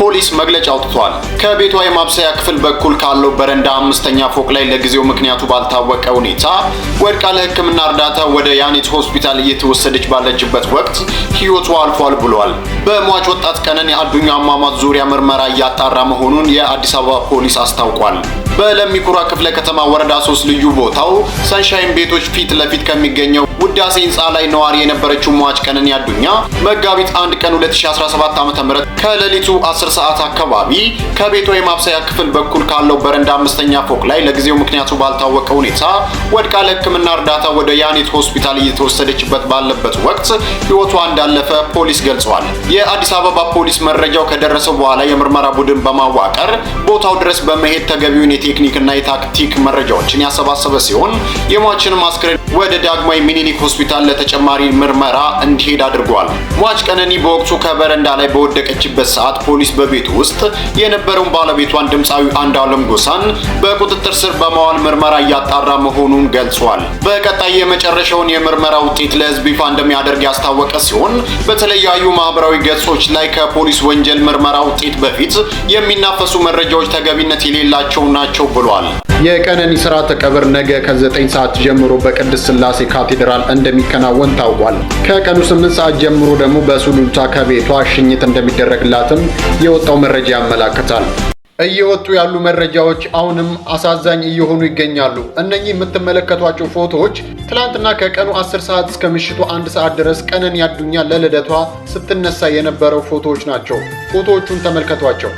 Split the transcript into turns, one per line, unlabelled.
ፖሊስ መግለጫ አውጥቷል። ከቤቷ የማብሰያ ክፍል በኩል ካለው በረንዳ አምስተኛ ፎቅ ላይ ለጊዜው ምክንያቱ ባልታወቀ ሁኔታ ወድቃ ለሕክምና እርዳታ ወደ ያኔት ሆስፒታል እየተወሰደች ባለችበት ወቅት ሕይወቷ አልፏል ብሏል። በሟች ወጣት ቀነን የአዱኛ አሟሟት ዙሪያ ምርመራ እያጣራ መሆኑን የአዲስ አበባ ፖሊስ አስታውቋል። በለሚኩራ ክፍለ ከተማ ወረዳ ሶስት ልዩ ቦታው ሰንሻይን ቤቶች ፊት ለፊት ከሚገኘው ውዳሴ ህንፃ ላይ ነዋሪ የነበረችው ሟች ቀነኒ አዱኛ መጋቢት 1 ቀን 2017 ዓ.ም ከሌሊቱ 10 ሰዓት አካባቢ ከቤቷ የማብሰያ ክፍል በኩል ካለው በረንዳ አምስተኛ ፎቅ ላይ ለጊዜው ምክንያቱ ባልታወቀ ሁኔታ ወድቃ ለሕክምና እርዳታ ወደ ያኔት ሆስፒታል እየተወሰደችበት ባለበት ወቅት ህይወቷ እንዳለፈ ፖሊስ ገልጿል። የአዲስ አበባ ፖሊስ መረጃው ከደረሰው በኋላ የምርመራ ቡድን በማዋቀር ቦታው ድረስ በመሄድ ተገቢውን እና የታክቲክ መረጃዎችን ያሰባሰበ ሲሆን የሟችን አስክሬን ወደ ዳግማዊ ሚኒሊክ ሆስፒታል ለተጨማሪ ምርመራ እንዲሄድ አድርጓል። ሟች ቀነኒ በወቅቱ ከበረንዳ ላይ በወደቀችበት ሰዓት ፖሊስ በቤቱ ውስጥ የነበረውን ባለቤቷን ድምፃዊ አንዱዓለም ጎሳን በቁጥጥር ስር በማዋል ምርመራ እያጣራ መሆኑን ገልጿል። በቀጣይ የመጨረሻውን የምርመራ ውጤት ለህዝብ ይፋ እንደሚያደርግ ያስታወቀ ሲሆን በተለያዩ ማህበራዊ ገጾች ላይ ከፖሊስ ወንጀል ምርመራ ውጤት በፊት የሚናፈሱ መረጃዎች ተገቢነት የሌላቸው ናቸው ናቸው ብሏል።
የቀነኒ ስርዓተ ቀብር ነገ ከ9 ሰዓት ጀምሮ በቅድስት ስላሴ ካቴድራል እንደሚከናወን ታውቋል። ከቀኑ 8 ሰዓት ጀምሮ ደግሞ በሱሉልታ ከቤቷ ሽኝት እንደሚደረግላትም የወጣው መረጃ ያመላክታል።
እየወጡ ያሉ መረጃዎች አሁንም አሳዛኝ እየሆኑ ይገኛሉ። እነኚህ የምትመለከቷቸው ፎቶዎች ትላንትና ከቀኑ 10 ሰዓት እስከ ምሽቱ አንድ ሰዓት ድረስ ቀነኒ አዱኛ ለልደቷ ስትነሳ የነበረው ፎቶዎች ናቸው። ፎቶዎቹን ተመልከቷቸው።